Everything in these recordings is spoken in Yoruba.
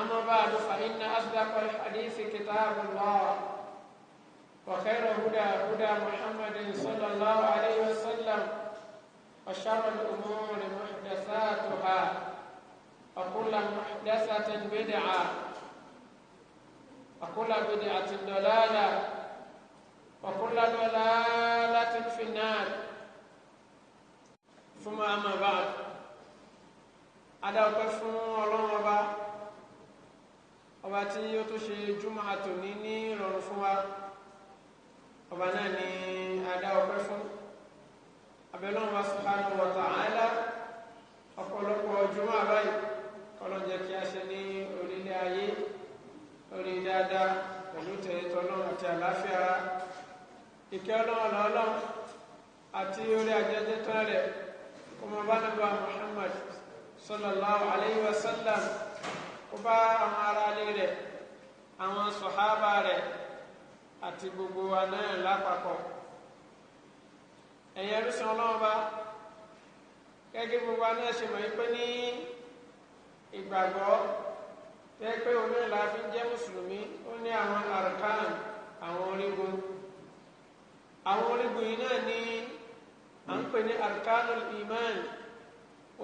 أما بعد فإن أصدق الحديث كتاب الله وخير هدى هدى محمد صلى الله عليه وسلم وشر الأمور محدثاتها وكل محدثة بدعة وكل بدعة ضلالة وكل ضلالة في النار ثم أما بعد أدعوك فون الله ọba tí ó tó ṣe júmọ́ àtòní ní ìrọ̀rùn fún wa ọba náà ni adá ọpẹ́ fún abẹ́lọ́run wa subhanahu wa ta'ala ọ̀pọ̀lọpọ̀ júmọ́ àbáyé kọlọ́njẹ́ kí a ṣe ní orílẹ̀ ayé lórí dáadáa pẹ̀lú tẹ̀yẹtọ̀ náà àti àlàáfíà ìkẹ́ ọlọ́run lọ́lọ́run àti orí ajẹ́jẹ́ tán rẹ̀ kó bá nàbà Muhammad sallallahu alayhi wa sallam kó bá àwọn aráalé rẹ̀ àwọn sọ̀hábà rẹ̀ àti gbogbo wa náà lápapọ̀ ẹ̀yẹ rúṣin ọlọ́run bá gẹ́gẹ́ gbogbo wa náà ṣe mọ̀ yí pé ní ìgbàgbọ́ tẹ́ pé omi ńlá fi ń jẹ́ mùsùlùmí ó ní àwọn arkan àwọn orígun àwọn orígun yìí náà ní à ń pè ní arkanul iman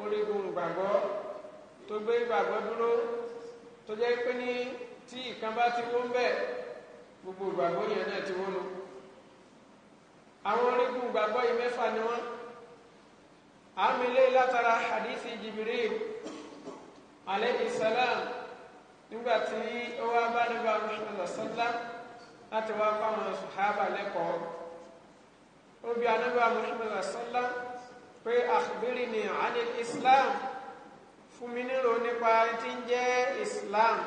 orígun ìgbàgbọ́ tó gbé ìgbàgbọ́ dúró tó jẹ́ pé ní tí ìkan bá ti wó ń bẹ̀ gbogbo ìgbàgbọ́ yẹn náà ti wó nu àwọn orígun ìgbàgbọ́ yìí mẹ́fà ni wọ́n àmì lé látara hadithi Jibril aleyhi salam nígbà tí ó wá bá nígbà Muhammad sallam láti wá fáwọn sùhábà lẹ́kọ̀ọ́ ó bi anábà Muhammad sallam pé akhbirni anil Islam fún mi nílò nípa tí ń jẹ́ Islam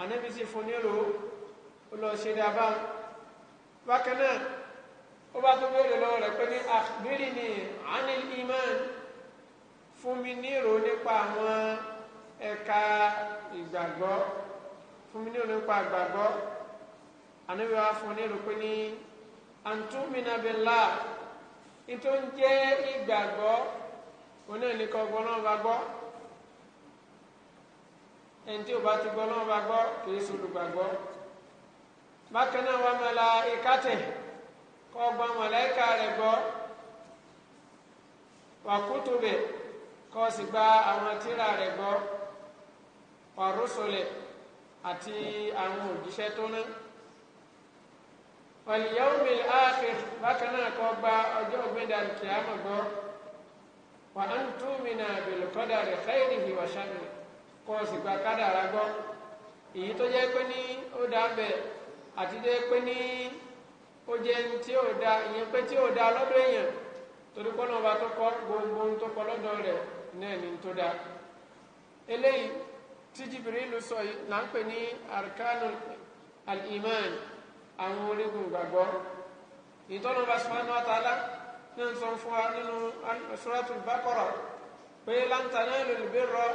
ànábi sì fún nílò ó lọ ṣe dábà bákan náà ó bá tó béèrè lọ́wọ́ rẹ̀ pé ní àbírí ni anil iman fún mi nílò nípa àwọn ẹ̀ka ìgbàgbọ́ fún mi nílò nípa ìgbàgbọ́ ànábi wa fún nílò pé ní antumina billah nítorí jẹ́ ìgbàgbọ́ oní ẹnìkan gbọ́ náà bá gbọ́ ẹni tí ò bá ti gbọ́ náà bá gbọ́ kì í sọlùgbàgbọ́ bákan náà wà mọ́lá ìkátẹ̀ kọ́ gbọ́ màláíkà rẹ̀ gbọ́ wà kútùbẹ̀ kọ́ sì gba àwọn tírà rẹ̀ gbọ́ wà rúṣọlẹ̀ àti àwọn òjíṣẹ́ tó ná wal yawmil akhir bákan náà kọ́ gba ọjọ́ ògbéǹdà kìámọ̀ gbọ́ wà á ń túmínà bil qadari khairihi wa sharrihi kó o sì gba kádàrá gbọ́ èyí tó jẹ́ pé ní ó dá bẹ́ẹ̀ àti tó jẹ́ pé ní ó jẹ́ tí ó dá ìyẹn pé tí ó dá lọ́dọ̀ èèyàn torí pọ́nà ọba tó kọ́ gbogbo ohun tó kọ́ lọ́dọ̀ rẹ̀ ni tó dá eléyìí tí Jibrilu sọ yìí là ń pè arkanul al-iman àwọn orígun gbàgbọ́ ìtọ́nà ọba subhanahu wa ta'ala ní n sọ fún wa nínú suratul Baqara pé lan tanalul birra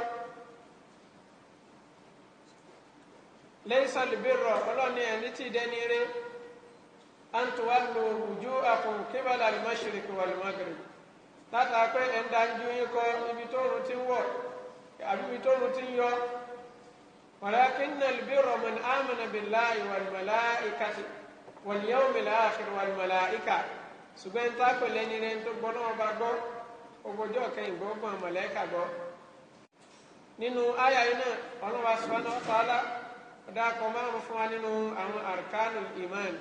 laysa al-birra ọlọ́ni ẹni tí dẹni rẹ an tuwallu wujuhakum qibala al-mashriqi wal-maghribi pé ẹ̀ ń dájú yín kọ ibi tó rùn ti ń wọ̀ àbí ibi tó rùn ti ń yọ ولكن البر من آمن بالله والملائكة واليوم الآخر والملائكة ṣùgbọ́n tá a pè lẹ́ni rẹ̀ tó gbọ́ náà bá gbọ́ ogójọ́ kẹyìn gbọ́ gbọ́n mọ̀lẹ́kà gbọ́ nínú àyà yìí náà ọlọ́wà sọ́nà ọ̀tàlá ọ̀dà kan márùn fún wa nínú àwọn arkanu iman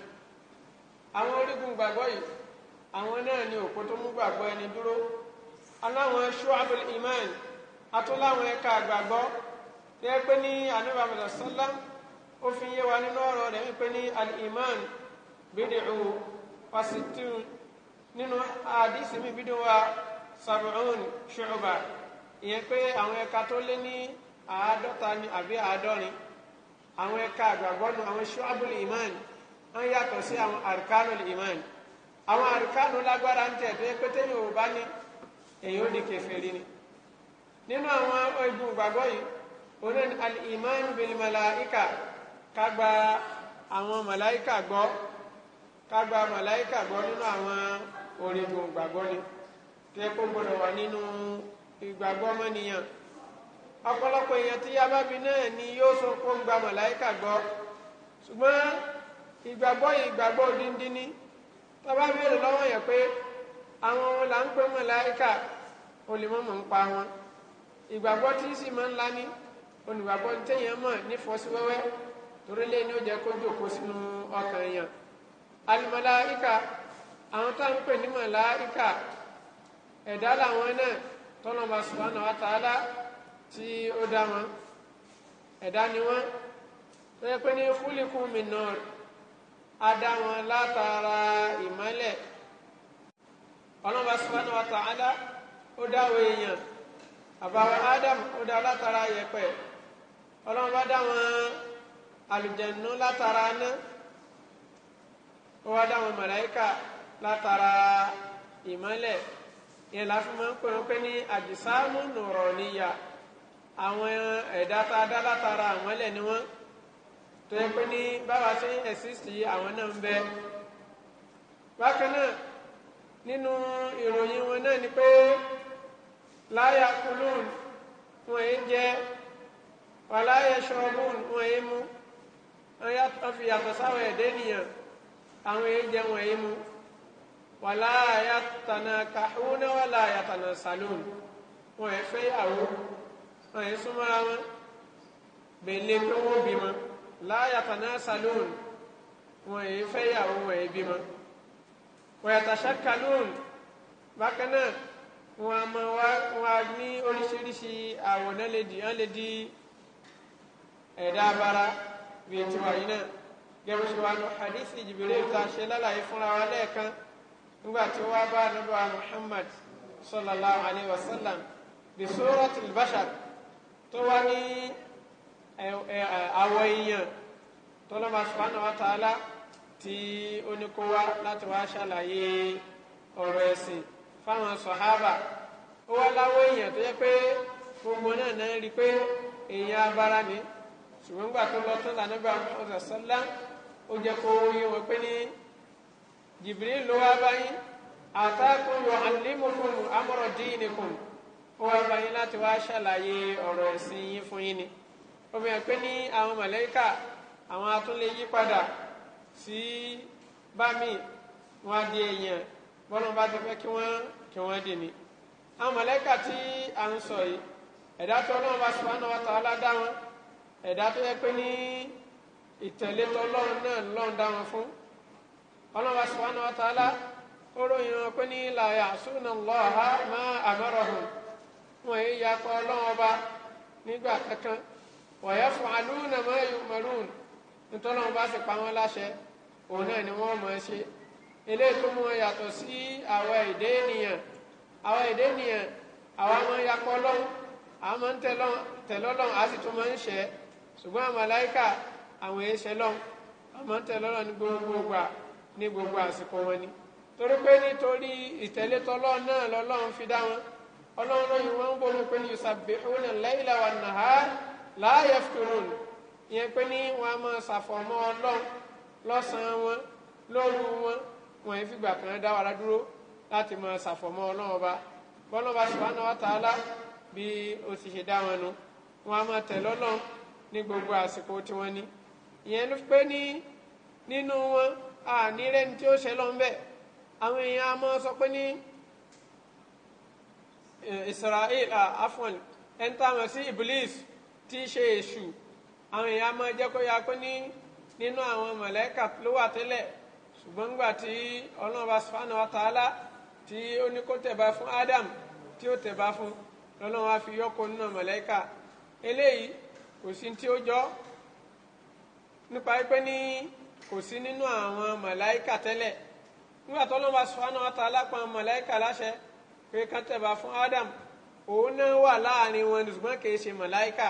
àwọn orígun gbàgbọ́ yìí àwọn náà ni òkú tó mú gbàgbọ́ ẹni dúró aláwọn ṣuabul iman atúláwọn ẹ̀ka gbàgbọ́ tí ẹ pé ní anábà mọ̀lẹ́sọ́lá ó fi yé wa nínú ọ̀rọ̀ rẹ̀ wípé ní al iman bídìí wàsítìrún nínú àdìsí mi bídó wa sabuun ṣùgbà ìyẹn pé àwọn ẹ̀ka tó lé ní àádọ́ta ni àbí àádọ́rin àwọn ẹ̀ka àgbàgbọ́nu àwọn ṣọ́àbùl iman wọ́n yàtọ̀ sí àwọn àrùkánul iman àwọn àrùkánu lágbára ń tẹ̀ pé pété yorùbá ní èyí ó di kèfèrí ni nínú àwọn igun ìgbàgbọ́ yìí oní al-iman bil malaika ká àwọn malaika gbọ́ ká gba gbọ́ nínú àwọn orígun ìgbàgbọ́ ni tí ẹ kó gbọdọ̀ wà nínú ìgbàgbọ́ ọmọnìyàn ọ̀pọ̀lọpọ̀ èèyàn tí yabábi náà ni yóò sọ kó ń gba màláìkà gbọ́ ṣùgbọ́n ìgbàgbọ́ yìí ìgbàgbọ́ díndín ni tọ́ba béèrè lọ́wọ́ yẹn pé àwọn ohun là ń pè màláìkà olùmọ̀mọ̀ ń pa wọn ìgbàgbọ́ tí sì máa ń la ní olùgbàgbọ́ téèyàn mọ̀ nífọ̀ọ́síwẹ́wẹ́ torí lé ní ó jẹ́ kó jòkó sínú ọkàn èèyàn al àwọn tá à ń pè ní màláìkà ẹ̀dá làwọn náà tọ́lọ́mà subhanahu wa ta'ala tí ó dá wọn ẹ̀dá ni wọ́n tó yẹ pé ní khuliqu min nur á wọn látara ìmọ́lẹ̀ ọlọ́mà subhanahu wa ta'ala ó dá èèyàn àbáwọn Adam ó dá látara yẹ̀pẹ̀ ọlọ́mà dá wọn àlùjànnú látara náà ó wá dá wọn màláìkà látara ìmọ́lẹ̀ yẹn la fi máa ń pè wọ́n pé ní àjùsáàmù nùrọ̀ níyà àwọn ẹ̀dá tá a dá látara àmọ́lẹ̀ ni wọ́n tó yẹ pé ní báwa ṣe ń ẹ̀sìsì àwọn náà ń bẹ bákan náà nínú ìròyìn wọn náà ni pé láyà kulun wọn èé jẹ wàláyà ṣọọbùn wọn èé mu wọn fi yàtọ̀ sáwọn ẹ̀dẹ́ nìyàn àwọn èé jẹ wọn èé mu wàlá ayatana kahuna wàlá ayatana salon wọn ẹ fẹ́ yàwó wọn ẹ súnmọ́ra wọn bẹ̀lẹ́ pé wọ́n bímọ láyàtana salon wọn ẹ fẹ́ yàwó wọn ẹ bímọ wọn ẹ tàṣà wọn a wọn a ní oríṣiríṣi àwọ̀ lè di hàn abara bíi tiwa yìí náà gẹ́gẹ́ bí wọ́n ṣe wá lọ lálàyé fúnra wa lẹ́ẹ̀kan nígbà tí ó wá bá nígbà Muhammad sallallahu alayhi wa sallam bí suratul bashar tó wá ní àwọ̀ èèyàn tọ́lọ́mà subhanahu wa ta'ala tí ó ní kó wá láti wá ṣàlàyé ọ̀rọ̀ ẹ̀sìn fáwọn sọ̀hábà ó wá láwọ̀ èèyàn tó yẹ pé gbogbo náà náà rí pé èèyàn abára ni ṣùgbọ́n gbà tó lọ tó lànà bá ọ̀sán sọ́lá ó jẹ́ kó yé wọn pé ní jibril ló wá báyìí àtàkùn yu'allimukum amra dinikum ó wá báyìí láti wá ṣàlàyé ọ̀rọ̀ ẹ̀sìn yín fún yín ni omi ẹ̀ pé ní àwọn màláíkà àwọn atúnlé yí padà sí bámi wọn á di èèyàn bọ́lá bá ti fẹ́ kí wọ́n kí wọ́n dì ní. àwọn màláíkà tí a ń sọ yìí ẹ̀dá tó ọlọ́run bá subhanahu wa ta'ala dá wọn ẹ̀dá tó yẹ pé ní ìtẹ̀lé tọ́lọ́run náà lọ́n dá wọn fún ọlọ́wà subhanahu wa ta'ala ó ròyìn wọn pé ní la ya'suna Allaha ma amarahum wọn yìí yakọ ọlọ́wọ́n bá nígbà kankan wa yaf'aluna ma yu'marun nítorí wọn bá sì pa wọn láṣẹ òun náà ni wọn mọ̀ ẹ́ ṣe eléyìí tó mú yàtọ̀ sí àwọn èdè ènìyàn àwọn èdè ènìyàn àwọn máa yakọ ọlọ́wọ́ àwọn máa ń tẹ̀lọ́ lọ́wọ́ àti tó ń ṣẹ́ ṣùgbọ́n àwọn àwọn èèṣẹ́ lọ́wọ́ àwọn ń tẹ̀lọ́ lọ́wọ́ ní gbogbo gbà ní gbogbo àsìkò wọn ni torí pé nítorí ìtẹ̀lé tọlọ́ọ̀ náà lọ́lọ́run fi dá wọn ọlọ́run lóyún wọn ń bomi pé ní yusabbihuna al-layla wan-nahara la yafturun ìyẹn pé ní wọn a máa ṣàfọ̀mọ́ ọlọ́run lọ́sàn-án wọn lóru wọn wọn yìí fìgbà kan dá wàrà dúró láti máa ṣàfọ̀mọ́ ọlọ́run ọba bọ́lá ọba subhanahu wa ta'ala bí o ti ṣe dá wọn nu wọn a máa tẹ̀lé ọlọ́run ní gbogbo àsìkò tiwọn ni ìyẹn pé ní nínú wọn ànírẹ́ni tí ó ṣe lọ́nbẹ̀ àwọn èèyàn a máa sọ pé ní Israel afon, ẹ̀ńtà wọn sí Iblis tí í ṣe èṣù àwọn èèyàn a máa jẹ́ kó ya pé ní nínú àwọn mọ̀lẹ́kà ló wà tẹ́lẹ̀ ṣùgbọ́n nígbà tí ọlọ́ọ̀bá subhanahu wa ta'ala tí ó ní kó tẹ̀bá fún Adam tí ó tẹ̀bá fún lọ́lọ́wọ́ á fi yọ́kọ́ nínú mọ̀lẹ́kà eléyìí kò sí tí ó jọ nípa pé ní. kò sí nínú àwọn màláìkà tẹ́lẹ̀ nígbà tó lọ́ba sùhánà wa ta'ala malaika màláìkà láṣẹ pé kán tẹ̀bà fún Adam òun náà wà láàrin wọn ṣùgbọ́n kì í ṣe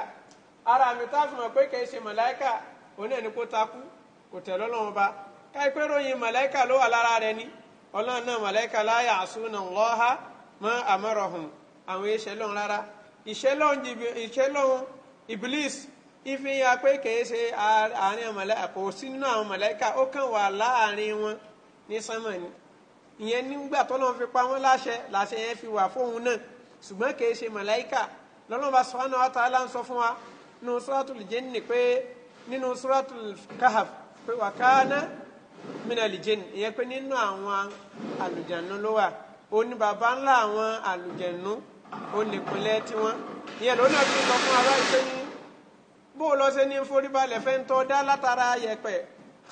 ara mi tá a fi mọ̀ pé kì í ṣe màláìkà òun náà ni kó takú kò tẹ̀ lọ́lọ́run ba káyí pé ròyìn ló wà rẹ ni ọlọ́run náà la ma amarahum àwọn ìṣẹ́lọ́run rárá ìṣẹ́lọ́run Iblis ìfihàn pé kìí ṣe àárín màláíkà kò sí nínú àwọn màláíkà ó kàn wà láàrin wọn ní sánmà ni ìyẹn nígbà tọ́lọ́run fi pa wọ́n láṣẹ láṣẹ yẹn fi wà fóun náà ṣùgbọ́n kìí ṣe màláíkà lọ́lọ́ba subhanahu wa ta'ala ń sọ fún wa nínú suratul jinni pé nínú suratul kahf pé wa kana minal jinni ìyẹn pé nínú àwọn àlùjànnú ló wà ó ní baba ńlá àwọn àlùjànnú ó nípínlẹ̀ tiwọn ìyẹn lónà fi sọ fún bó o lọ ṣe ní forí balẹ̀ fẹ́ ń tọ́ dá látara yẹpẹ̀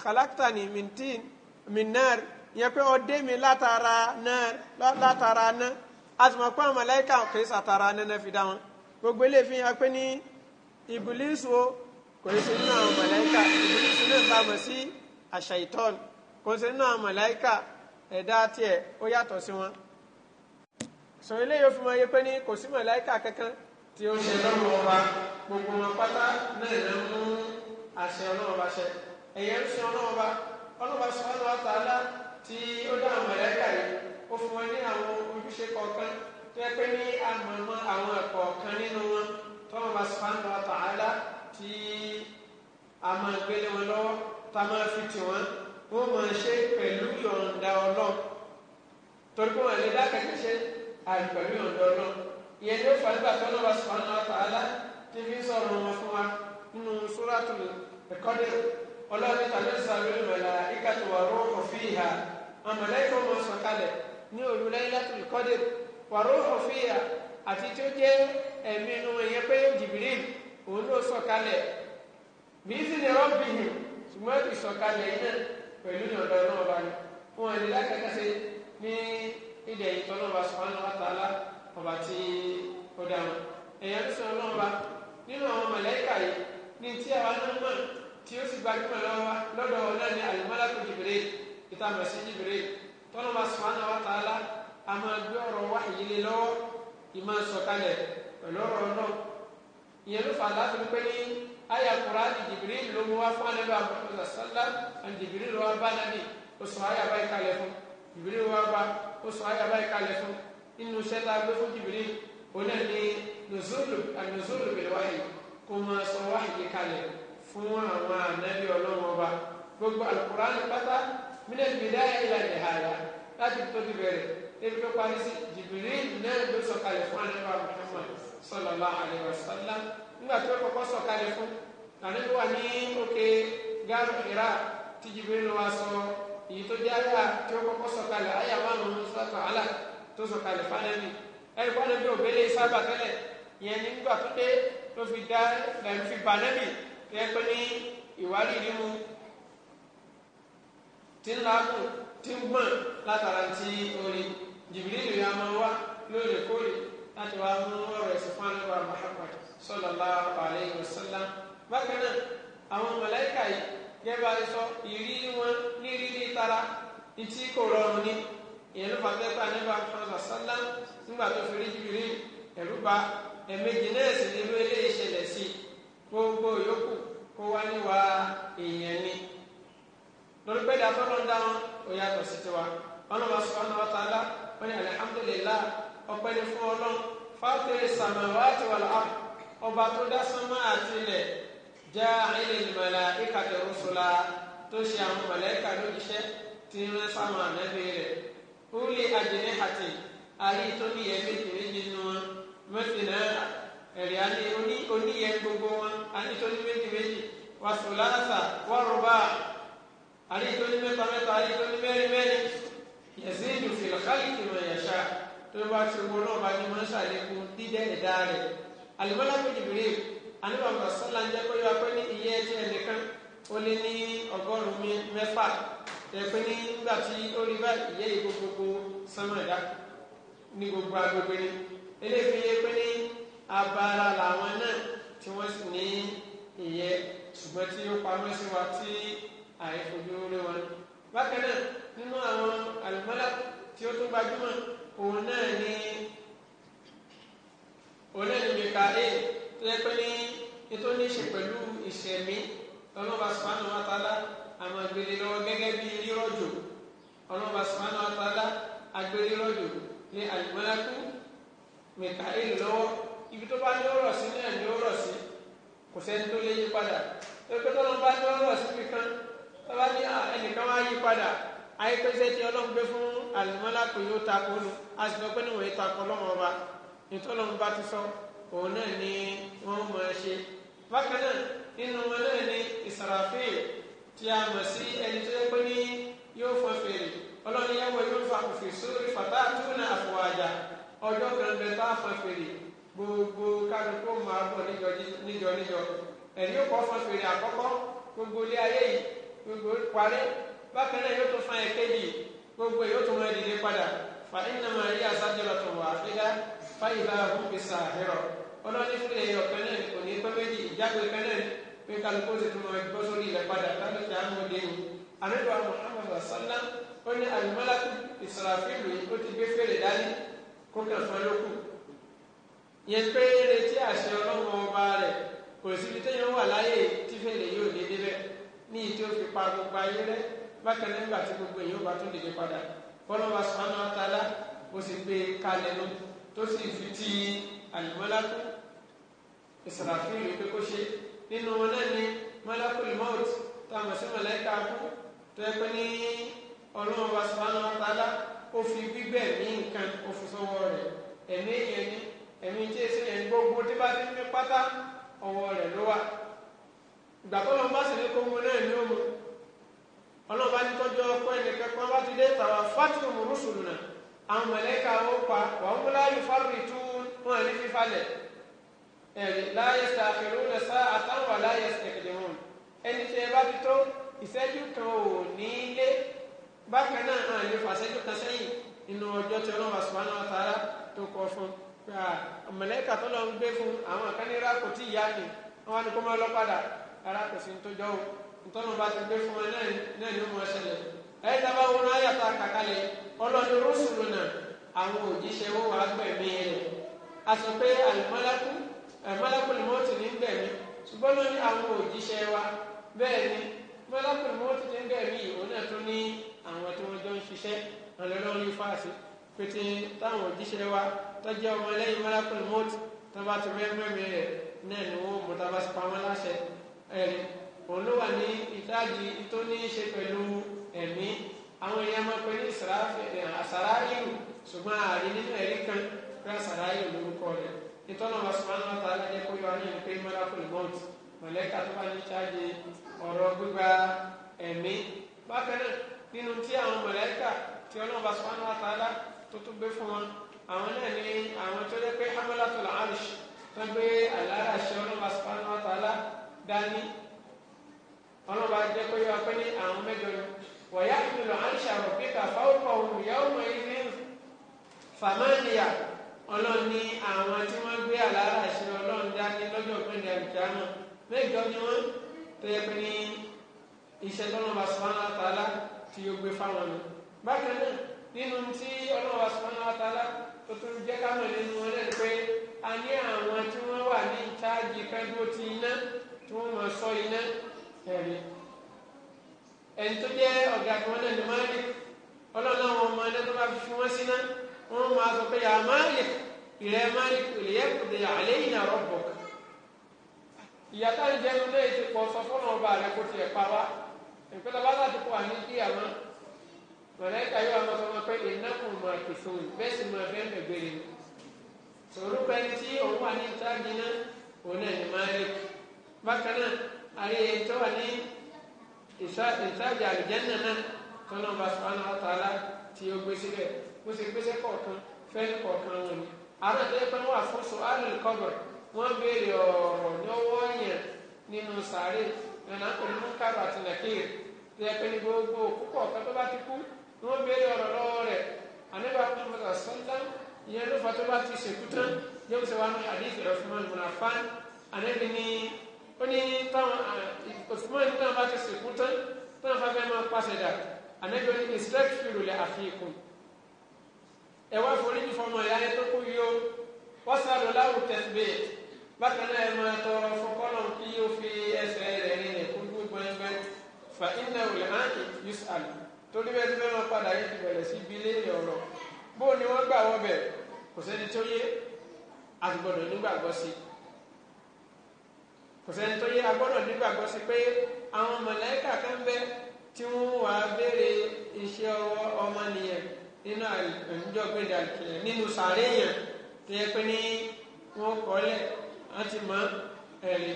khalaqtani min tin min nar yẹn pé ọdẹ mi látara nar látara ná àtùmọ̀ pé àwọn màláíkà kò í sàtara nẹ́nẹ́ fi dá wọn gbogbo ilé fi hàn pé ní ìbùlísù o kò í ṣe nínú àwọn màláíkà ìbùlísù náà bá mọ̀ sí àṣàìtọ́n kò í nínú àwọn màláíkà ẹ̀dá tiẹ̀ ó yàtọ̀ sí wọn sọ eléyìí ó fi mọ iye ní kò sí màláíkà kankan tí ó ṣe lọ́rùn ọba gbogbo wọn pátá náà lè mú àṣẹ ọlọ́run ọba ṣẹ ẹ̀yẹ ń sin ọlọ́run ọba ọlọ́run ọba subhanahu wa ta'ala tí ó dá àwọn mọ̀lẹ́kà yìí ó fún wọn ní àwọn ojúṣe kọ̀ọ̀kan tó yẹ pé ní àmọ̀mọ́ àwọn ẹ̀kọ́ kan nínú wọn tọ́wọ́n ọba subhanahu wa ta'ala tí a máa gbélé wọn lọ́wọ́ tá a máa fi tì wọ́n wọ́n máa ṣe pẹ̀lú yọ̀ǹda ọlọ́run torí pé wọ́n lè dákẹ́ ṣe àìpẹ̀lú yọ̀ǹda ọlọ́run ìyẹn ní ó fà nígbà tí ọlọ́wà sọ̀rọ̀ náà tà á lá tí fi ń sọ̀rọ̀ wọn fún wa nínú sóràtù ẹ̀kọ́dẹ̀ ọlọ́ọ̀ni tàbí sàbẹ̀lú mọ̀lá ìkàtò wàrú òfin ìhà àmọ̀lẹ́kọ̀ mọ̀ sọ̀kalẹ̀ ní òru láyìlátù ìkọ́dẹ̀ wàrú òfin ìhà àti tí ó jẹ́ ẹ̀mí inú ìyẹn pé jìbìrì òun ló sọ̀kalẹ̀ bíìsì ni rọ́ọ̀bì hì ṣùgbọ́n ìsọ̀kalẹ̀ yìí náà pẹ̀lú ní ọ̀dọ̀ ọlọ́ọ̀bá ni wọn ò ní lákàtà ṣe ní ilẹ̀ ìtọ́lọ́wà subhanahu wa ta'ala ọba tí ó dáhùn ẹ̀yàn ń sọ ọlọ́run ba nínú àwọn mọ̀lẹ́kà yìí ní tí àwa náà mọ̀ tí ó sì gbajúmọ̀ lọ́wọ́ lọ́dọ̀ ọ̀nà ní alimọ́lákò jìbìrì ìtàmọ̀ sí jìbìrì tọ́lọ́mà subhanahu wa ta'ala a máa gbé ọ̀rọ̀ wá ìyílé lọ́wọ́ ìmọ̀ sọ̀kalẹ̀ pẹ̀lú ọ̀rọ̀ náà ìyẹn ló fà láti wípé ní àyà Kùránì jìbìrì ló mú wá fún anábì àbúrò sálá àti jìbìrì ló wá bá nínú iṣẹ́ tá a gbé fún jìbìrì oná ní nùzúlù bẹ̀rẹ̀ wáyé kó máa sọ wáyé yìí fún àwọn gbogbo alukurani pátá mílíọ̀nù bìdá ìlà ìhàlà láti ebi tó parí sí jìbìrì náà ló sọ na fún ànábì Muhammad sallallahu alaihi wasallam nígbà tó fún wa tó a tó sọ̀kalẹ̀ fánẹ́bì ẹni fánẹ́bì òbẹ́lẹ̀ sábà tẹ́lẹ̀ ìyẹn nígbà tó dé tó fi dá lẹ́nu fi bànẹ́bì tó yẹ pé ní ìwárí rímu tí ń làágùn tí ń gbọ̀n látara ti orí jìbìrìlì rẹ̀ a máa wá lóòrèkóòrè láti wá mú ọ̀rọ̀ ẹ̀sìn fún anábà Muhammad sallallahu alaihi wasallam bákan náà àwọn mọ̀lẹ́kà yìí gẹ́gẹ́ bá a sọ ìrírí wọn ní rírí tara ìtí kò rọrùn ni. ìyẹn ló fàá tẹ́tà nípa sọ̀rọ̀ sọ́lá nígbà tó fi rí jìbìrì ẹ̀rú ba náà sì sí gbogbo yòókù kó wá níwá ni lórí ń ó yàtọ̀ sí tiwa wa ta'ala wọ́n ní alihamudulilá ọpẹ́ ni fún ọlọ́run fàtẹ́rẹ́ samawati wal ard ọba tó dá sánmà àti ilẹ̀ ja'ilil tó ṣe àwọn tí ń rẹ́ kúlì àjẹnihàtì àrí tó ní yẹ méjì méjì nù wọn mẹsìlẹ ẹrí àní oní oníyẹ gbogbo wọn àní tó ní méjì méjì wàsùlánàtà wàrúbà àrí tó ní mẹ́ta mẹ́ta àrí tó ní mẹ́rin mẹ́rin yẹsẹ ìdùnfìlà kálíkì mọ ẹyàṣá tó bá ti wọ náà bá ní wọn ṣàlékún dídẹ ẹ̀dá rẹ alimọlá kò jìbìrì àníwà mọ sọlá ń jẹ kó yọ akọ ní ìyẹn ẹtí ẹnìkan ó lé ní ọgọ́rùnún mẹ́fà ẹ̀pẹ́ ní nígbà tí ó rí báyìí ìyẹ́ yìí gbogbo sánmà ẹ̀dá ní gbogbo agbègbè ni eléyìí yẹ pé ní abala làwọn náà tí wọ́n sì ní ìyẹ́ ṣùgbọ́n tí ó pamọ́ sí wa tí àìfojú rí wọn. bákan náà nínú àwọn àlùmọ́lá tí ó tún gbajúmọ̀ òun náà ní òun náà ní mikael tó yẹ pé ní ètò ní pẹ̀lú ìṣẹ̀mí ọlọ́ba sùpánù wa tálá àmọ́ agbèrè lọ́wọ́ gẹ́gẹ́ bí rírọ̀jò ọlọ́ba sùmánù àtàlá agbèrè rọ̀jò ní àlùmọ́lákú mẹ̀káyìn lọ́wọ́ ibi tó bá ní ọ̀rọ̀ sí náà ní ọ̀rọ̀ sí kò sẹ́ni tó lè yí padà pé tọ́lọ́n bá ní ọ̀rọ̀ sí fi kan tọ́ba ní ah, ẹnìkan wá yí padà ayépẹ́sẹ́ tí ọlọ́run gbé fún àlùmọ́lákú yóò takò nù a sì lọ pé níwọ̀n yìí takò ni wọ́n mọ̀ ẹ́ ṣe bákan ni Israfil tí a mọ̀ sí ẹni tó yẹ pé ní yóò fọn fèrè ọlọ́ni yẹ wọ yóò fa kòfè sórí fàtà tó na àfọ àjà ọjọ́ kan bẹ tá a fọn fèrè gbogbo kálukú máa bọ̀ níjọ níjọ níjọ ẹni yóò kọ́ fọn fèrè àkọ́kọ́ gbogbo ilé ayé yìí gbogbo parí bákan náà yóò tún fọn ẹ̀kejì gbogbo yóò tún wọn dìde padà fa ìnàmà yíyá sájọlọ tó wà áfíríkà fáyìlà hùwìsà àhẹrọ ọlọ́ni fúnlẹ̀ yọ̀ kan náà kò ìjágbe kan pé kálukó ṣe fi máa gbọ́ sórí ilẹ̀ padà kálí kí á mú un déhùn àníbà Muhammad sallá ó ní alimọ́lákù Israfilu yìí ó ti gbé fèrè dání kó kàn fún ẹlòkù yẹn pé retí àṣẹ ọlọ́run ọba rẹ̀ kò síbi téèyàn wà láyé tí fèrè yóò dé débẹ̀ ní ìtí ó fi pa gbogbo ayé rẹ̀ bákan náà nígbà tí gbogbo èèyàn bá tún dìde padà fọlọ́wọ́ sọ́nà àtàlà ó sì gbé kalẹ̀ lọ tó sì fi ti alimọ́lákù Israfilu yìí pé kó ṣe é nínú wọn náà ni malakul maut tá a mọ̀ sí màláíkà kú tó yẹ pé ní ọlọ́run wa subhanahu wa ta'ala ó fi gbígbẹ̀ ní nǹkan ó fi sọ́wọ́ rẹ̀ ẹ̀mí èèyàn ni ẹ̀mí tí èsì yẹn gbogbo tí bá ti ń fi pátá ọwọ́ rẹ̀ ló wà ìgbà tó lọ́n bá sì ní kóńgó náà ní òmu ọlọ́run bá ní tọ́jú ọkọ ẹnìkan kan bá ti dé tàwa fatimu rusuluna àwọn màláíkà ó pa wàhùn ẹ̀rì láyé sàfihàn ọ̀nà sáà àtàwọn láyé sẹ̀kẹ̀dẹ̀hún ẹni tẹ́ bá ti tó ìṣẹ́jú kan ò ní lé bákan náà hàn lè fàṣẹ́jú kan sẹ́yìn nínú ọjọ́ tí ọlọ́run subhanahu wa ta'ala tó kọ fún mọ̀lẹ́kà tó lọ ń gbé fún àwọn akánirá kò tí ìyá ni wọn ni kó máa lọ padà ara kò sí tó jọ o ntọ́nà bá ti gbé fún ẹ náà ni ó mọ ẹsẹ̀lẹ̀ ẹ̀yìn tí a bá wọn ayàtọ̀ àkàkalẹ̀ ọlọ́ni rúṣùlù náà àwọn òjíṣẹ́ wọn wàá gbẹ̀mí ẹ̀ a sọ pé àlùmọ́lákùn malakul mọ́tì ní gbẹ̀mí ṣùgbọ́n ló ní àwọn òjíṣẹ́ wa bẹ́ẹ̀ ni malakul mọ́tì ní gbẹ̀mí òun náà tún ní àwọn tí wọ́n jọ ń ṣiṣẹ́ ọlọ́lọ́rí fáàsì pété táwọn òjíṣẹ́ wa tọ́jú ọmọ lẹ́yìn malakul mọ́tì tó bá ti mẹ́mẹ́mẹ́ rẹ̀ náà ni wọ́n mú tá a bá ti pamọ́ láṣẹ ẹ̀rí òun ló wà ní ìtajì tó ní í ṣe pẹ̀lú ẹ̀mí àwọn èèyàn máa pẹ́ ní àsàráyìlú ṣùgbọ́n àrí nínú ẹ̀rí kan pé àsàráyìlú lórúkọ rẹ̀ nítorí wọn sọmọlá wọn tààlà jẹ kó yọ ní ìpè mọláfóònù mọt mọlẹka tó bá ní ṣáàjì ọ̀rọ̀ gbígba ẹ̀mí bákan náà nínú tí àwọn mọlẹka tí Ọlọ́run bá sọmọlá wọn tààlà tó tún gbé fún wọn àwọn náà ní àwọn tó lé pé hamalatul arish tó gbé àlàyé àṣẹ Ọlọ́run bá sọmọlá wọn tààlà dání Ọlọ́run bá jẹ kó yọ pé ní àwọn mẹ́jọ ni wọ̀nyá ìlú àríṣà rọ̀ pé ọlọ́run ní àwọn tí wọ́n gbé àlàrà ṣe ọlọ́run dání lọ́jọ́ pẹ̀lẹ́ àlùjáàmọ̀ mẹ́jọ ni wọ́n tó yẹ pé ní iṣẹ́ tọ́lọ́ba subhanahu wa ta'ala tí yóò gbé fáwọn mi. bákan náà nínú tí ọlọ́ba subhanahu wa ta'ala tó tún jẹ́ kámọ̀ nínú wọn náà pé a ní àwọn tí wọ́n wà ní ìtaàjì kẹ́dúró ti iná tí wọ́n mọ̀ sọ iná ẹ̀rí. ẹni tó jẹ́ ọ̀gá tí wọ́n náà ní wọn máa sọ pé yàrá Malik ìrẹ Malik ìlẹyẹkùdẹ àlẹyìn rabbuk ìyàtọ̀ ìjẹun náà ti pọ̀ sọ fún ọba rẹ kó tiẹ̀ pa wá ìpínlẹ̀ bá láti pọ̀ àní kí àmọ́ mọ̀lẹ́kà yóò àwọn ọmọ pé ìnákùn máa kìsùn òun bẹ́ẹ̀ sì máa bẹ́ẹ̀ mẹ̀gbẹ́rẹ́ sọ̀rọ̀ pẹ́ni tí òun wà ní ìtajì náà òun náà ní Malik bákan náà àrí ètò wà bó ṣe gbéṣẹ́ kọ̀ọ̀kan fẹ́ẹ́ kọ̀ọ̀kan wọn ni àwọn àtẹ́lẹ́ pé wọ́n àfọ́sọ alẹ́ kọ́bọ̀ wọ́n béèrè ọ̀rọ̀ lọ́wọ́ yẹn nínú sàárè nànà kò ní múkàrọ̀ àti nàkìrì tẹ́ pé ní gbogbo púpọ̀ ọ̀kan tó bá ti kú wọ́n béèrè ọ̀rọ̀ lọ́wọ́ rẹ̀ àníbà kún mọ́tà sọ́ńdá ìyẹn ló fà tó bá ti ṣèkú tán yóò ṣe wà ní hadith Uthman ibn Affan àníbi ní ó ní táwọn Uthman táwọn bá ti ṣèkú tán táwọn fà fẹ́ máa pàṣẹ dà àníbi ó ní ìsirẹ́kì fìrùlẹ̀ àfikún ẹ wá foríjì fọmọ ìyá yẹn tó kú yìí o wọ́n sàlù láwù tẹ̀síbẹ̀ bákan náà ẹ máa tọrọ fọkọ́nà kí yóò fi ẹsẹ̀ rẹ̀ rìn ẹ̀kú gbẹ́ngbẹ́ fa iná òlẹ̀ hàn yus àlù torí bẹ́ẹ̀ tó fẹ́ràn padà yìí ti bẹ̀rẹ̀ sí ibi léèrè ọ̀rọ̀ bó ni wọ́n gbà wọ́ bẹ̀ kò sẹ́ni tó yé àgbọ̀dọ̀ nígbàgbọ́ sí kò sẹ́ni tó yé agbọ́dọ̀ nígbàgbọ́ sí pé àwọn mọ̀lẹ́kà kan bẹ tí wọ́n wàá béèrè iṣẹ́ ọwọ́ ọmọnìyàn nínú àjọ gbẹdà kìlẹ̀ nínú sàárẹ̀ yẹn tó yẹ pé ní wọn kọ́lẹ̀ wọn ti mọ ẹ̀rí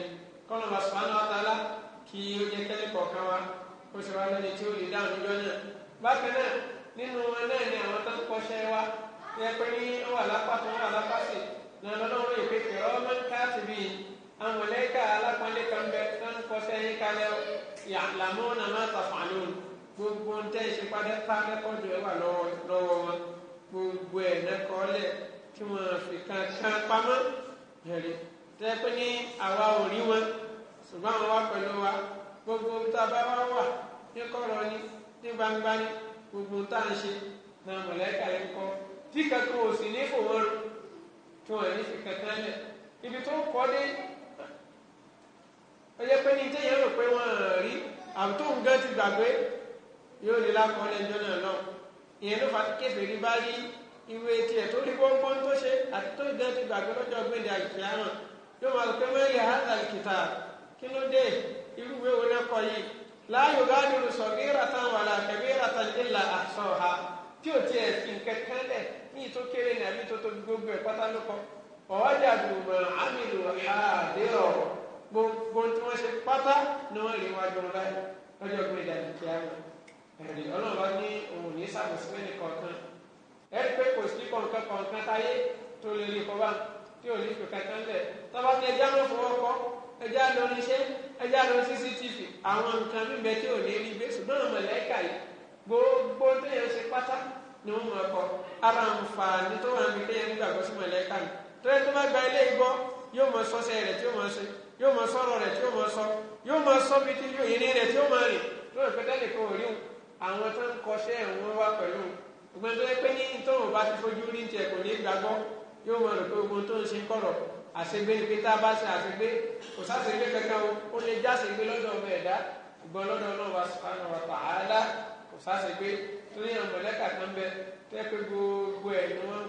kọ́nà làṣùpáná ọ̀tàlá kí ó jẹ́ kẹ́lẹ́ kọ̀ọ̀kan wa kó sì wá lẹ́ni tí ó lè dáhùn níjọ́ náà bákan náà nínú wọn náà ni àwọn tó ń kọ́ṣẹ́ wa tó yẹ pé ní wọn wà lápá tó wọn wà lápá sí ní ọlọ́run lè pe kẹ̀rọ ọmọ káàtì bíi àwọn mọ̀lẹ́kà alápọ̀lẹ́ kan bẹ tó ń kọ́ṣẹ́ yín kalẹ̀ ya'lamuna ma taf'alun gbogbo ń tẹ́ ìṣe pátákọ́jọ ẹ wà lọ́wọ́ wọn gbogbo ẹ̀ nẹ́kọ́ọ́lẹ̀ kí wọ́n fi kan pamọ́ ẹ̀rí tẹ́ pé ní àwa ò rí wọn ṣùgbọ́n àwọn wà pẹ̀lú wa gbogbo tá a bá wá wà ní kọ̀rọ̀ ni ní gbangba ni gbogbo tá à ń ṣe náà mọ̀lẹ́kà yẹn kọ́ tí kankan ò sì ní fò wọ́n rò tí wọ́n ní fi kankan lẹ̀ ibi tó kọ́ dé ó yẹ pé ní téèyàn rò pé wọ́n rí àbútó nǹkan ti gbàgbé yóò lè lákọọ́lẹ̀ ẹjọ́ náà lọ ìyẹn ló fà kébèrè bá rí ìwé tiẹ̀ tó rí gbọ́ngbọ́n tó ṣe àti tó ìdán ti gbàgbé lọ́jọ́ gbẹ̀dẹ̀ àgbẹ̀yàmọ̀ yóò máa pẹ́ mẹ́lẹ̀ hàzà kìtà kí ló dé irú ìwé wo náà kọ yìí la yugadiru sagiratan wala kabiratan illa ahsaha tí ò tiẹ̀ nǹkan kan lẹ̀ ní ìtó kéré ní àbí tó tóbi gbogbo ẹ̀ pátá ló kọ ọ̀wájà dùnmọ̀ àmìlò àdéhọ̀ gbogbo tí wọ́n ṣe pátá ni wọ́n rí wájú ọ̀la ọjọ́ gbẹ̀dẹ̀ àgbẹ̀yàmọ̀ ẹ̀rí ọlọ́run bá ní òun ní sàbẹ̀sí mẹ́rin kọ̀ọ̀kan ẹ̀rí pé kò sí kọ̀ọ̀kan kọ̀ọ̀kan táyé tó lè rí kọ́ba tí ò ní fi kankan lẹ̀ tọ́ba ní ẹja ló fọwọ́ kọ́ ẹja lọ níṣẹ́ ẹja lọ cctv àwọn nǹkan mímẹ tí ò ní rí gbé ṣùgbọ́n àwọn mọ̀lẹ́kà yìí gbogbo téèyàn ṣe pátá ni wọ́n máa kọ́ ara àǹfààní tó wà ní téèyàn gbàgbọ́ sí mọ̀lẹ́kà ni tọ́lẹ́ tó bá gba ilé ìgbọ́ yóò mọ sọ́sẹ́ rẹ̀ tí ó máa ṣe yóò mọ sọ́rọ̀ rẹ̀ tí ó máa sọ yóò mọ sọ́bi tí yóò yẹn rẹ̀ tí ó máa rìn lórí pẹ́tẹ́lì kan ò rí àwọn tó ń kọṣẹ́ ẹ̀wọ̀n wá pẹ̀lú ìgbọ́n tó yẹ pé ní tóun bá ti fojú rí tiẹ̀ kò ní gbàgbọ́ yóò mọ̀ rò pé ogun tó ń ṣe kọ̀rọ̀ àṣegbé ni pé tá a bá ṣe àṣegbé kò sáṣegbé kankan o ó lè já ṣegbé lọ́dọ̀ ọmọ ẹ̀dá ìgbọ́n lọ́dọ̀ ọlọ́wà subhanahu wa ta'ala kò sáṣegbé tó ní àwọn mọ̀lẹ́kà kan bẹ tẹ́ pé gbogbo ẹ̀ ni wọ́n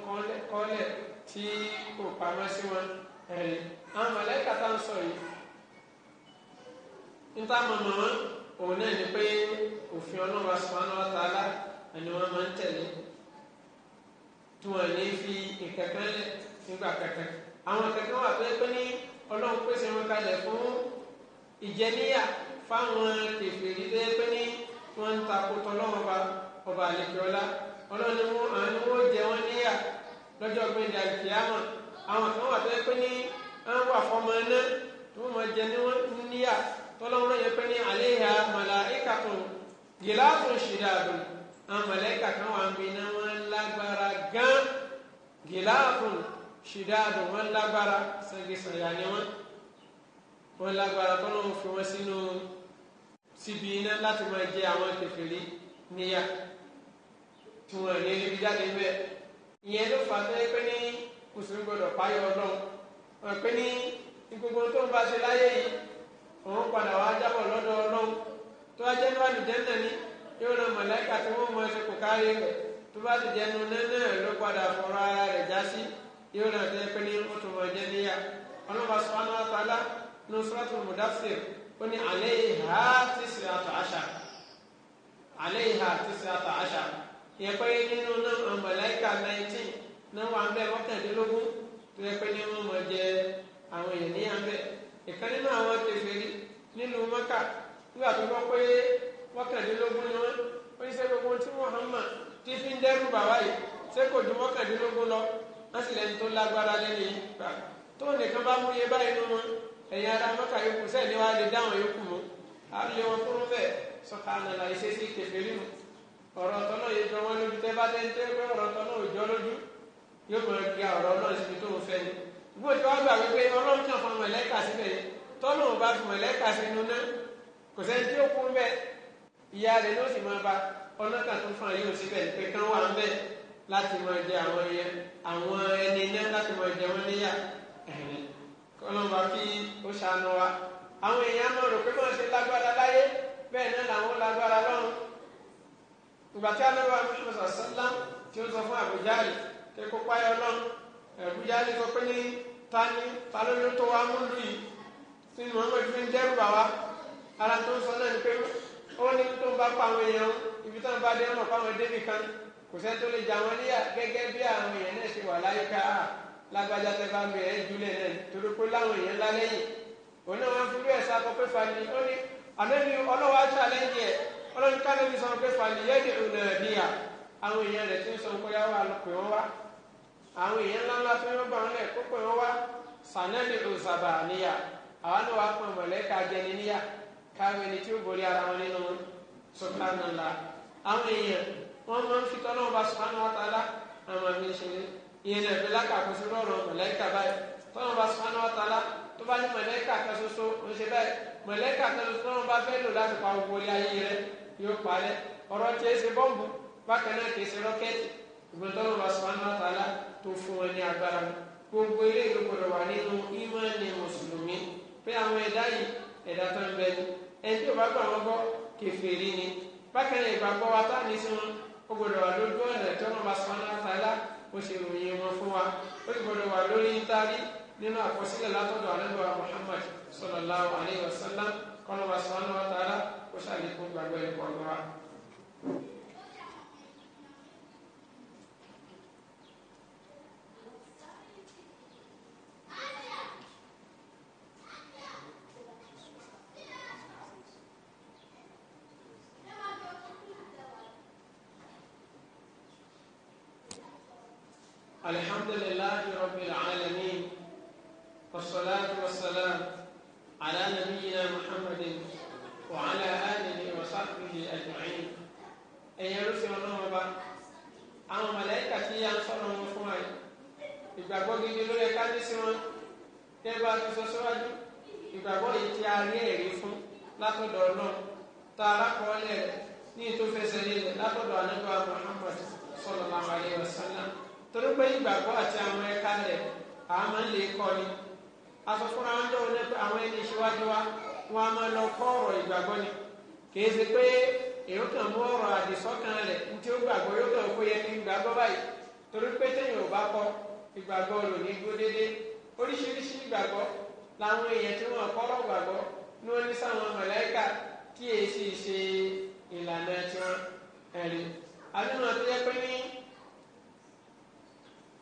kọ́lẹ̀ tí kò pamọ́ sí wọn ẹ̀rí àwọn mọ̀lẹ́kà tá ń sọ yìí ń tá mọ̀mọ́ òun náà ni pé òfin ọlọ́run subhanahu wa ta'ala ẹni wọ́n máa ń tẹ̀lé tí wọ́n ní fi ìkẹ̀kẹ́ lẹ̀ nígbà kẹ̀kẹ́ àwọn kẹ̀kẹ́ wà pé pé ní ọlọ́run pèsè wọn kalẹ̀ fún ìjẹníyà fáwọn kèfèrí dé pé ní wọ́n ń takòtò ọlọ́run ọba ọba àlekèọ́lá ọlọ́run ni wọ́n àwọn ni wọ́n jẹ wọ́n níyà lọ́jọ́ pé ní àlùkìyàmọ̀ àwọn kan wà pé pé ní wọ́n wà fọmọ náà tí wọ́n máa jẹ ní wọ́n níyà tọ́lọ́wọ́n náà yẹ pé ní àléhà màláìkà kan gíláàsù ṣìdáàdù àwọn màláìkà kan wà ń bí iná wọn lágbára gán gíláàsù ṣìdáàdù wọn lágbára sàgẹsàgà ni wọn wọn lágbára tọ́lọ́wọ́n fi wọn sínú síbi iná láti máa jẹ àwọn kèfèrí níyà tí wọn ní níbi jáde ń bẹ ìyẹn ló fà tó yẹ pé ní mùsùlùmí gbọdọ̀ páyọ̀ ọlọ́run wọn pé ní gbogbo tó ń bá ṣe láyé yìí. àlùjẹ́nà ní yóò lọ mọ̀lẹ́kà tí wọ́n mọ̀ ṣe kò kárí rẹ̀ tó bá ti jẹnu náà ló padà fọ̀rọ̀ ara rẹ̀ já sí yóò lọ tẹ́ pé ní ó tún mọ̀ jẹ́ níyà ọlọ́ba sọ́nà àtàlà ní suratul mudaththir ó ní alayha tis'ata ashar alayha tis'ata ashar yẹ pé nínú náà mọ̀lẹ́kà nineteen náà wà ń bẹ tó yẹ pé ní wọ́n mọ̀ jẹ àwọn èèyàn níyà ń bẹ ìkan nínú àwọn nílùú mọ́kà nígbà tó gbọ́ pé mọ́kàndínlógún ni wọ́n ó ní sẹ́ gbogbo tí Muhammad ti fi ń dẹ́rù bàbá yìí ṣé kò ju mọ́kàndínlógún lọ wọ́n sì lẹ́ni tó lágbára lẹ́ni yìí gbà tó nìkan bá mú iye báyìí nú wọn ẹ̀yin ara mọ́kà yòókù sẹ́ni wàá lè dáhùn yòókù mọ́ á lé wọn kúrú bẹ́ẹ̀ sọ̀kànà là ìṣe sí kẹfẹ́rì nù ọ̀rọ̀ tọ́nà yìí jọ wọn lójú tẹ́ bá tẹ́ ń tẹ́ pé ọ̀rọ̀ tọ́nà ò jọ lójú yóò mọ̀ kí ọ̀rọ̀ náà síbi tó ni gbogbo tí wọ́n gbà wípé ó kú bẹ́ẹ̀ ìyá rẹ̀ ló sì máa ba ọ̀nà kan tó fún àyè síbẹ̀ pé kán wà ń bẹ̀ láti máa jẹ àwọn yẹn àwọn ẹni náà láti máa jẹ wọn níyà kọlọ́mọba kí ó ṣàánú wa àwọn èèyàn máa rò pé máa ṣe lágbára láyé bẹ́ẹ̀ náà làwọn lágbára lọ́run ìgbà tí alẹ́ wa mọ̀ sàlá tí ó sọ fún àbújáde pé kó páyọ lọ́run àbújáde sọ pé ní ta ni ta ló ló tó wa mú lù yìí tí Muhammed fi ń dẹ́rù bà ara tó ń sọ náà ni pé onu ní tó ń bá pa àwọn èèyàn ibi tó ń bá dé ọmọ pa àwọn débì kan kò sẹ́ni tó lè jà wọ́n níyà gẹ́gẹ́ bí àwọn èèyàn náà ṣe wà láyé ká ah, lágbájá tẹ bá náà torí pé láwọn èèyàn ńlá lẹ́yìn òun náà wọ́n fi ẹ̀sà kọ pé fani ó ní ọlọ́ni ká sọ pé fani níyà àwọn èèyàn rẹ̀ káwé ni tí ó borí ara wọn nínú subhanallah àwọn èèyàn wọn máa ń fi tọ́lọ́ wọn bá subhanahu wa ta'ala àwọn àmì ìṣẹ̀lẹ̀ ìyẹn náà fi lákàtọ̀ sí lọ́rọ̀ mọ̀lẹ́kà báyìí tọ́lọ́ wọn bá subhanahu wa ta'ala tó bá ní mọ̀lẹ́kà kan ṣoṣo ń ṣe báyìí mọ̀lẹ́kà kan ṣoṣo tọ́lọ́ wọn bá fẹ́ lò láti pa gbogbo ilé ayé rẹ yóò parẹ́ ọ̀rọ̀ tí èsè bọ́ǹbù bákan náà kì í ṣe rọ́kẹ́tì ìgbọ́n ẹni tí o bá gbà wọn gbọ́ kèfèrí ni bákan náà ìgbàgbọ́ wa tá a ní sí wọn ó gbọdọ̀ wà lójú ọ̀nà tí wọn bá sọ wọn láta ó ṣe ròyìn wọn fún wa ó sì gbọdọ̀ wà lórí nínú àkọsílẹ̀ látọ̀dọ̀ Muhammad kọ́nà bá sọ ó ṣàlékún gbàgbọ́ ẹ̀kọ́ ọ̀gbọ́n wa. làwọn èèyàn tí wọn kọ́rọ̀ gbàgbọ́ ni wọ́n ní sáwọn màláíkà tí èsì ṣe ìlànà tiwọn ẹ̀rí àdúgbò tó yẹ pé ní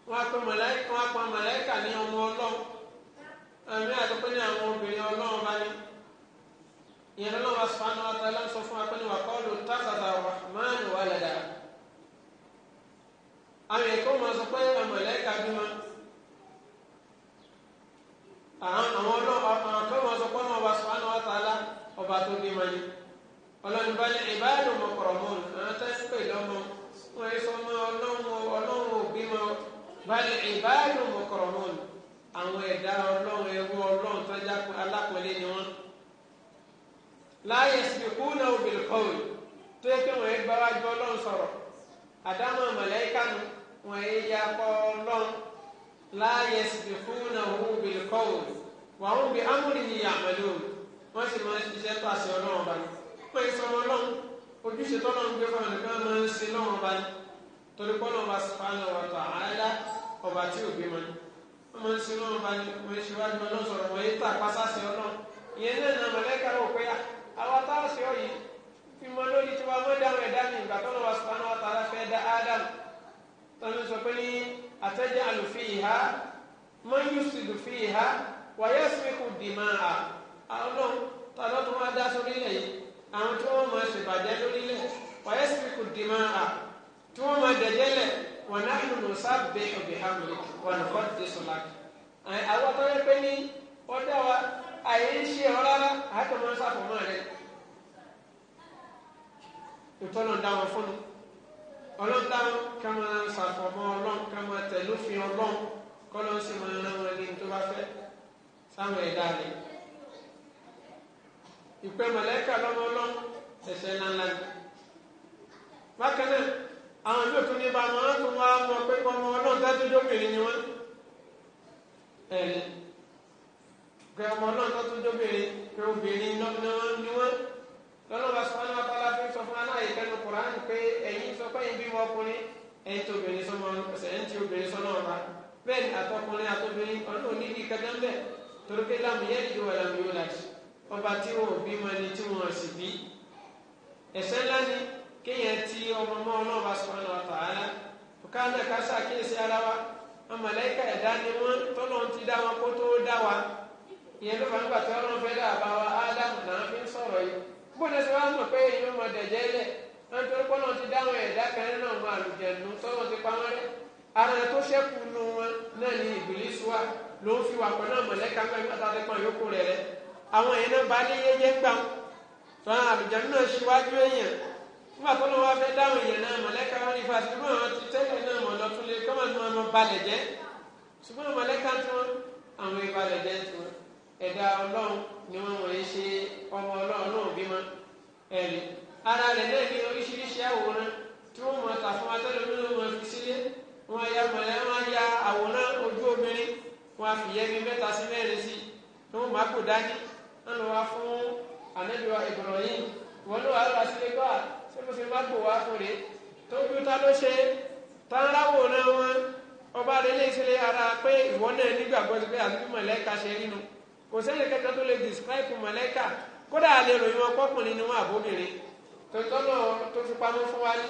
wọn apẹ màláíkà wọn apẹ màláíkà ní ọmọ ọlọ́run àmì àdúgbò ní àwọn obìnrin ọlọ́run bá ní ìyẹn lọ́wọ́ sọ́nà ọ̀tá lọ́sọ̀ fún apẹ́ ní wàkọ́ọ̀lù tásàtà rahman wàlẹ̀dà àwọn èkó máa sọ pé màláíkà bí àwọn ọlọ́run kan wọ́n sọ pọ́nà ọba subhanahu wa ta'ala ọba tó dé wọn ni ọlọ́run bá ní ìbáàdùn ọmọkọ̀rọ̀ mọ́ àwọn tó ń lọ́mọ wọn ọlọ́run òbí bá ní ìbáàdùn àwọn ẹ̀dá ọlọ́run ọlọ́run tó já ni náà tó yẹ la yasbiqunahu bil qawl wa hum bi amrihi ya'malun wọ́n sì máa ń ṣiṣẹ́ pàṣẹ ọlọ́run ọba ni pé ìsọmọ ọlọ́run ojúṣe tó lọ́run gbé fáwọn nìkan máa ń ṣe lọ́run ọba ni torí pọ́nà ọba subhanahu wa ta'ala ọba tí ò gbé mọ́ ni wọ́n máa ń ṣe lọ́run ọba ni wọ́n ṣe wájú ọlọ́sọ̀rọ̀ wọ́n yé tà pásá sí ọlọ́run ìyẹn náà nà mọ̀lẹ́kà ò pé àwa فيها من يفسد فيها ويسفك الدماء أولو طلبت ما داسوا لي àwọn tí wọn máa ṣèbàjẹ́ lórílẹ̀ wàyẹ sípìkù dìmọ à tí wọn máa dẹjẹlẹ wọn náà nù sábẹ òbí hàmì wọn kọ ti sọláàkì. àwọn tó yẹ pé ní ọdẹ wa àyè ń ṣe ọ rárá àtọmọ sáfọmọ rẹ ìtọ́nà dáwọn fún un ọlọ́dà ká máa ṣàfọ̀mọ́ ọlọ́run ká máa tẹ̀lófin ọlọ́run kọ́lọ́ sì máa rán wọn ní tó bá fẹ́ sáwọn ẹ̀dá rẹ̀ ìpè mọ̀lẹ́kà lọ́mọ ọlọ́run ẹ̀ṣẹ̀ ńláńlá ni bákan náà àwọn ìlú òtún ní bàmọ́ wọn tún wá mọ pé ọmọ ọlọ́run dájú jókèrè ni wọ́n ẹ̀rí pé ọmọ ọlọ́run dájú jókèrè pé obìnrin lọ́mọ ni wọ́n lọ́lọ́ba sọ́wọ́n náà bá láti sọ fún aláyè lẹ́nu kùránì pé ẹ̀yin sọ pé ẹ̀yin bímọ ọkùnrin ẹ̀yin tí obìnrin sọmọ ẹsẹ̀ ẹ̀yin tí obìnrin sọ náà bẹ́ẹ̀ ni àtọkùnrin àtobìnrin ọ̀nà onídìí kẹta ń bẹ̀ torí pé lámìyẹ́ ìdí wà lámìyó láti ọba tí wọn ò bímọ ẹni tí wọn sì bí ẹ̀ṣẹ̀ ńlá ni kéèyàn ti ọmọ mọ́ ọlọ́ba sọ́wọ́n náà tààlà kánà ara wa amalẹ́kà ẹ̀dá ni wọ́n tọ́lọ́ ti dá wọn kó tó dá wa ìyẹn ló fà nígbà tí ọlọ́run bó lẹsẹ wá mọ̀ pé èyí ló mọ dẹjẹ lẹ nítorí pé Ọlọ́run ti dáhùn ẹ̀dá kan nínú àwọn àlùjẹnu tọwọ ti pa wọn rẹ ara tó ṣẹ́kù nu wọn náà ní Ìbílísì wa ló ń fi wà pọ náà mọlẹka ń gbẹgbẹ àtàtẹ pọn yòókù rẹ rẹ àwọn èèyàn náà bá ní yéyé gbà tó àwọn àlùjẹnu náà ṣíwájú èèyàn nígbà tó lọ́wọ́ fẹ́ dáhùn èèyàn náà mọlẹka wọn ní fásitì bí wọn ti tẹ́lẹ̀ náà mọ̀ lọ́tún lé kọ́mọ̀ ní wọn mọ balẹ̀ jẹ́ ṣùgbọ́n mọlẹka tí wọn àwọn ìbalẹ̀ jẹ́ tí wọn ẹ̀dá ọlọ́run ni wọ́n wọ̀nyí ṣe ọmọ ọlọ́run náà bímọ ẹ̀rí ara rẹ̀ náà ní oríṣiríṣi àwòrán tí wọ́n mọ̀ ta fún atẹ́lẹ̀ nínú wọn fi sílé wọn ya mọ̀lẹ́ wọn ya àwòrán ojú obìnrin wọn fi yẹmi mẹ́ta sí mẹ́rin sí tí wọ́n máa kó dání wọn lọ wá fún anẹ́dùwà Ibrahim wọn lọ wá lọ sílé gbà ṣé mo fi má gbò wá fún rè tójú ta ló ṣe tá ọba rẹ lè ṣe ara pé ìwọ náà nígbàgbọ́ ti pé àti bí mọ̀lẹ́ ṣe nínú kò sẹ́ni kankan tó lè describe mọ̀lẹ́kà kódà lè ròyìn wọn kọkùnrin ni wọn àbóbìnrin tòótọ́ náà tó fi pamọ́ fún wa ní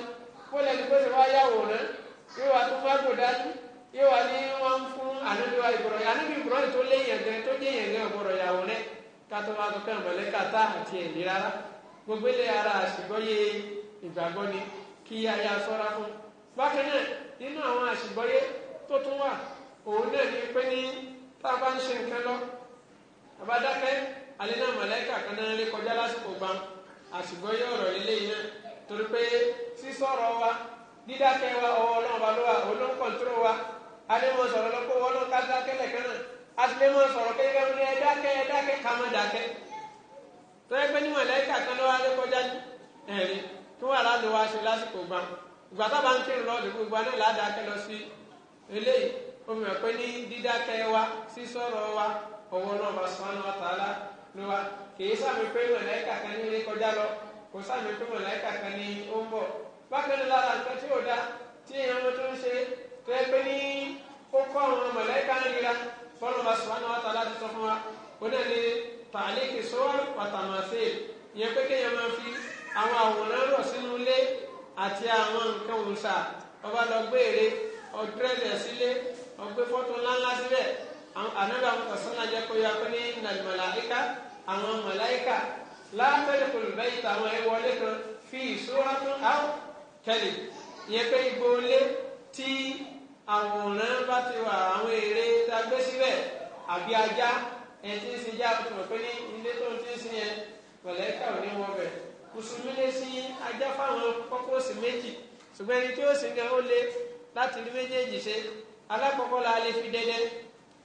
kó lẹ́nu kó sì wá yàwò náà yóò wá tó fáàgò dání yóò wá ní wọn fún ànábi wa ìgbọ̀rọ̀ yà ànábi ìgbọ̀rọ̀ yìí tó lé yẹn gan tó dé yẹn gan ọ̀gbọ̀rọ̀ yàwò náà kátó wá tó kàn mọ̀lẹ́kà tá àti ẹ̀mí rárá gbogbo ilé ara àṣìgbọ́yé ìgbàgbọ́ ni kí aya sọ́ra fún bákan náà nínú àwọn àṣìgbọ́yé Abadakɛ, alẹ́ náà mọ̀lẹ́kà kan náà lé kọjá lásìkò gbam àṣùgbọ́ yóò rọ̀ wa dídákẹ́ wa ọwọ́ ọlọ́run wa olóhùn wa alẹ́ mọ̀ sọ̀rọ̀ lọ́kọ́ wọ́n náà kan náà asilẹ́ mọ̀ sọ̀rọ̀ kékeré ní ẹ̀dákẹ́ ẹ̀dákẹ́ ká má dákẹ́ tọ́yẹ́ pé ní mọ̀lẹ́kà kan náà wá wa a bá ń wa ọwọ́ náà bá sọ́nà àtàlà ló wa kìí sàmì pé mọ̀lẹ́kà kan ní ilé kọjá lọ kò sàmì pé mọ̀lẹ́kà kan ní ó ń bọ̀ bákan náà lára nǹkan tí ò da tí èèyàn mú tó ń ṣe tẹ́ pé ní ó kọ́ àwọn mọ̀lẹ́kà ń rira bọ́lá bá sọ́nà àtàlà ti sọ fún wa ó náà ní tàlíkì sọ́wọ́n pàtàmọ́sẹ́ ìyẹn pé kéèyàn máa fi àwọn àwòrán rọ̀ sínú ilé àti àwọn nǹkan òòṣà ọba lọ gbé ère ọdúrẹ́lẹ̀ sílé ọgbẹ́ fọ́tò ńláńlá síbẹ̀ anabi àwọn tọ̀sánná jẹ́ kó yá pé ní nàìmọ̀láìka àwọn mọ̀láìka lábẹ́rẹ́ kòlùbẹ́yì táwọn ẹ̀ wọlé kan fi ìṣúra fún àwọn kẹlẹ̀ yẹn pé ibo lé tí ti wà àwọn èrè tá a gbé síbẹ̀ àbí ajá ẹ̀ tí ń sin já tó mọ̀ pé ní ilé tó ń ti ń sin yẹn mọ̀láìka ò ní wọ́n bẹ̀ mùsùlùmí lè sin ajá fáwọn kọ́kọ́sì méjì ṣùgbọ́n ẹni tí ó sin gan ó lé láti rí méjèèjì ṣe alákọ̀ọ́kọ́ la lè fi dẹ́dẹ́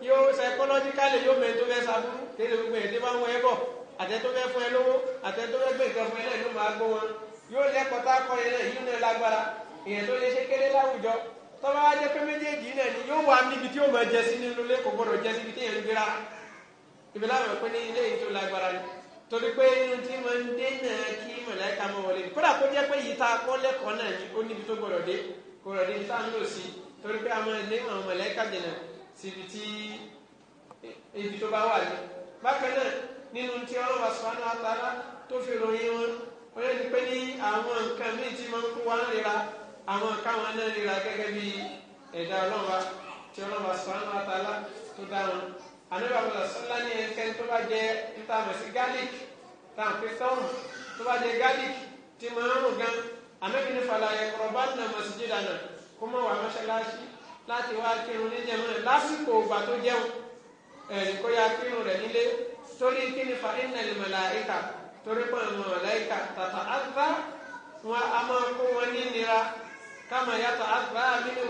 yóò psychologically yóò mẹ tó fẹ́ sàbúrú kéde gbogbo èdè bá ń wọ ẹ bọ̀ àtẹ tó fẹ́ fún ẹ lówó àtẹ tó fẹ́ gbé nǹkan fún ẹ lẹ́nu máa gbó wọn yóò lẹ́kọ̀ọ́ tá a kọ́ yẹn náà yìí náà lágbára èèyàn tó lè ṣe kéré láwùjọ tọ́ba wa jẹ́ pé méjèèjì náà ni yóò wà níbi tí yóò máa jẹ sí nínú ilé kò gbọdọ̀ jẹ síbi tí èèyàn ń gbéra ibi láwọn pé ní ilé yìí tó lágbára ni torí pé inú tí wọ́n ń dé náà kí mọ̀lẹ́ka mọ̀ wọlé kódà kó jẹ́ pé yìí tá kọ́ lẹ́kọ̀ọ́ náà ni ó níbi tó gbọdọ̀ dé gbọdọ̀ dé ní sáà ń lò sí torí pé àwọn ilé àwọn mọ̀lẹ́ka jẹ̀ náà síbi tí e, ibi tó bá wà ní. bákan náà nínú tí ọlọ́wà sọ́nà àtàrà tó fi ròyìn wọn wọ́n yẹn ti pé ní àwọn nǹkan míì tí máa ń kó wa ń lera àwọn nǹkan wọn náà lera gẹ́gẹ́ bí ẹ̀dá ọlọ́wà tí ọlọ́wà sọ́nà àtàrà tó dá wọn. àníbà bọ̀dọ̀ sọ́lá ní ẹnikẹ́ni tó bá jẹ ntàmọ̀ sí garlic tàǹpé tọ́wọ̀n tó bá jẹ garlic tí máa ń rùn gan àmẹ́bí ní falàyẹ̀ nà mọ̀ sí jídànà kó mọ̀ wà mọ́ṣáláṣí láti wá kírun níjẹun rẹ̀ lásìkò ògbà tó jẹun ẹ̀yìn kó ya kírun rẹ̀ nílé torí kíni fa innal malaika torí pé àwọn màláìka tàtà àgbà wọn a máa kó wọn ní nira káma yàtọ̀ àgbà mínú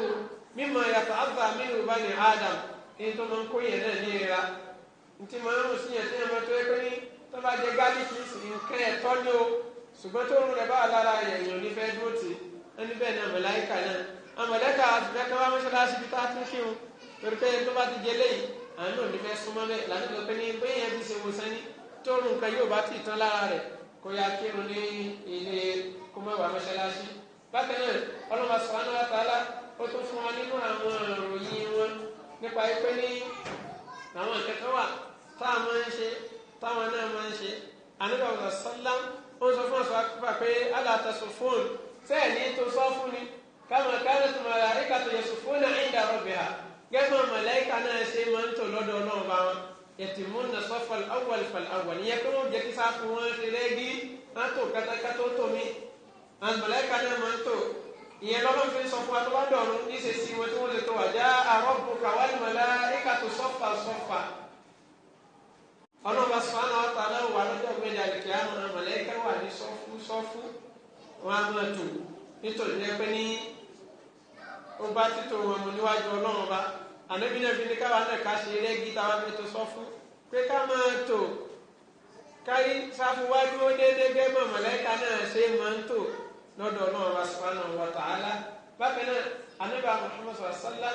mímọ yàtọ̀ àgbà mínú bá ní Adam ní tó máa kó yẹn náà ní nira ntí máa ń rùn sí yẹn tí yẹn máa tó yẹ pé ní tó bá jẹ gáàlìkì nǹkan ẹ̀tọ́ ni o ṣùgbọ́n tó rùn rẹ̀ bá wà lára yẹn yẹn ò ní fẹ́ dúró tì ẹni bẹ́ẹ̀ náà màláìka náà àmọ̀lẹ́ka àtúntẹ́kẹ́ wá mọ́ṣáláṣí bí tá a tún kí o torí pé tó bá ti jẹ lẹ́yìn àánú òní fẹ́ súnmọ́ bẹ́ẹ̀ láti lọ pé ní bẹ́ẹ̀ yẹn ti ṣe wòsàn ní tóorùn nǹkan yóò bá ti tán lára rẹ̀ kó ya kírun ní ilé kó má wà mọ́ṣáláṣí. bákan náà ọlọ́mọ sọ̀rọ̀ náà tààlà ó tún fún wa nínú àwọn ìròyìn wọn nípa pé ní àwọn kẹkẹ wà tá a máa ń ṣe táwọn náà máa ń ṣe àníbà ọ̀sán sọ́lá ó sọ fún ọ̀sán pé alàtàsọ fóònù sẹ́ẹ̀ tó sọ fún ni kama kanat malaikatu yasufuna inda rabbiha gẹ́gbà màláìka náà ṣe máa ń tò lọ́dọ̀ náà bá wọn yatimuna safa al-awwal fal-awwal ìyẹn pé wọ́n jẹ́ kí sáfù wọn ṣe rẹ́gí wọ́n tò kátàkátà tó mi àwọn màláìka náà máa ń tò ìyẹn lọ́dọ̀ fi sọ fún wa tó bá dọ̀rùn ní ṣe sí wọn tí wọ́n lè tó wà já rabbuka wal-malaikatu safa safa ọlọ́ba sọ́nà ọ̀tá náà wà lọ́jọ́ gbẹ́dẹ́ àlùkí àwọn màláìka wà ní ó bá títò wọn mu níwájú ọlọ́run bá ànábì náà fi ní káwa náà ká ṣe rẹ́gí táwa fi tó sọ fún pé ká máa tò káyí sáfù wá dúró déédéé gẹ́gbọ̀n mọ̀lẹ́ka náà ṣe máa ń tò lọ́dọ̀ ọlọ́run bá subhanahu wa ta'ala bákan náà ànábì Muhammad sallá